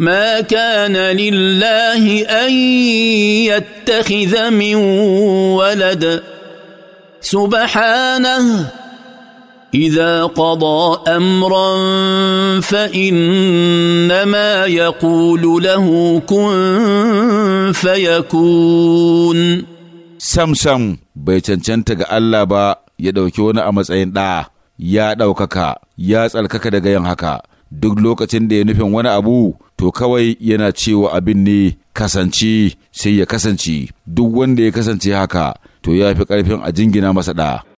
ما كان لله ان يتخذ من ولد سبحانه اذا قضى امرا فانما يقول له كن فيكون سمسم بيتشنشن تجا الله با يدوكيون امسين دا يا داوكاكا يا سالكاكا دجا ينهاكا دوك لوكا تشندي نفهم وانا ابو to kawai yana cewa abin ne kasance sai ya kasance duk wanda ya kasance haka to ya fi ƙarfin a jingina masa ɗa.